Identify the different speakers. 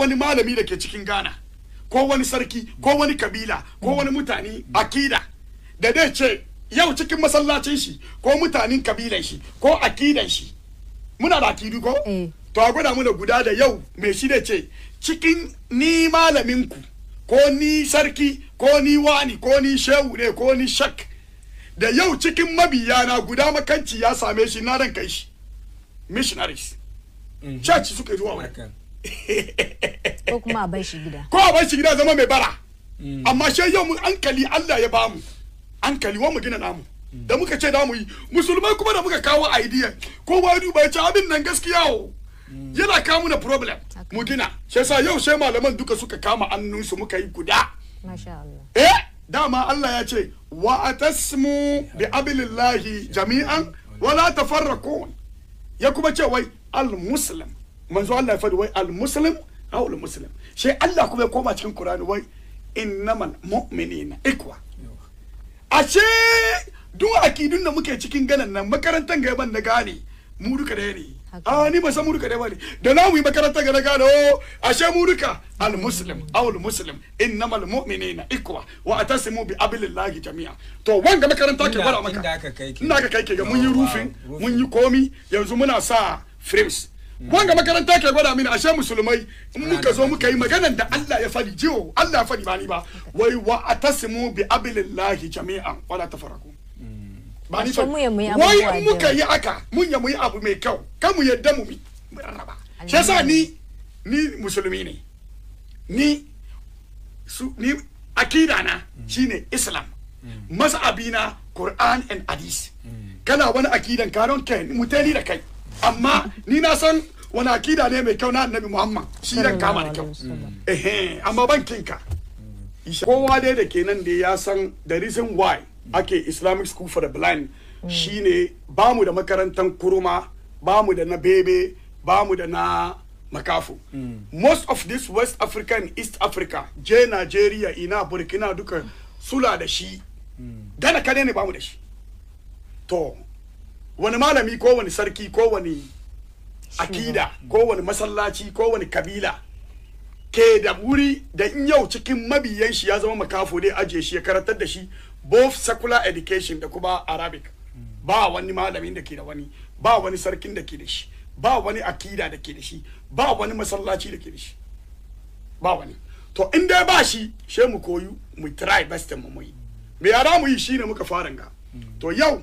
Speaker 1: wani malami da ke cikin Ghana ko wani sarki ko wani kabila ko wani mutane akida da dai ce yau cikin masallacin shi ko mutanen kabilan shi ko akidan shi muna da akidu ko eh. to a gwada muna guda da yau mai shi da ce cikin ni malamin ku ko ni sarki ko ni wani ko ni shehu ne ko ni shak da yau cikin mabiya na guda makanci ya same shi na kai shi missionaries mhm. church suka zuwa wani ko kuma a bai shi gida ko bai shi zama mai bara amma shi yau mu ankali Allah ya bamu ankali wa mu gina namu da muka ce da mu yi musulmai kuma da muka kawo idea ko ba duba ya ce abin nan gaskiya o yana kawo na problem mu gina shi yasa yau sai malaman duka suka kama annunsu muka yi guda masha Allah eh dama Allah ya ce wa atasmu bi abilillahi jami'an wala tafarraqun ya kuma ce wai al muslim manzo Allah ya faɗi wai al-muslim aw al-muslim shi Allah kuma ya koma cikin Qur'ani wai innamal mu'minina ikwa ashe duk akidun da muke cikin ganan nan makarantar ga ban da gane mu duka da ne a ah, ni ba san mu duka da bane da na mu makarantar ga na gane o oh, ashe mu duka al muslim aw al muslim innamal mu'minina ikwa wa atasimu bi abilillahi jami'a to wanga makaranta ke bara maka inda ka kai ke ga mun yi rufin mun yi komi yanzu muna sa frames wanga makaranta ke gwada mini ashe musulmai in muka zo muka yi maganan da Allah ya fadi jiwo Allah ya fadi bani ba wai wa atasimu bi abilillahi jami'an wala tafaraku bani fa wai in muka yi aka mun ya muyi abu mai kyau kan mu yadda mu raba shi yasa ni ni musulmi ne ni su ni akida na shine islam mm. mas'abina qur'an and hadith mm. kana wani akidan karon kai mutali da kai amma ni na san wani akida ne mai kyau na annabi muhammad shi dan kama da kyau mm. amma ban kinka kowa dai da kenan da ya san the reason why ake islamic school for the blind mm. shine ba mu da makarantar kuruma ba mu da na bebe ba mu da na makafu mm. most of this west africa and east africa je nigeria ina burkina duka sula da shi dana kare ne ba mu da shi to wani malami ko wani sarki ko wani akida ko wani masallaci ko wani kabila ke da wuri da in yau cikin mabiyan shi ya zama makafo dai aje shi ya karatar da shi both secular education da kuma arabic ba wani malamin da ke da wani ba wani sarkin da ke da shi ba wani akida da ke da shi ba wani masallaci da ke da shi ba wani to in dai ba shi she mu koyu mu try best mu mu yi me yara mu yi shine muka fara ga mm. to yau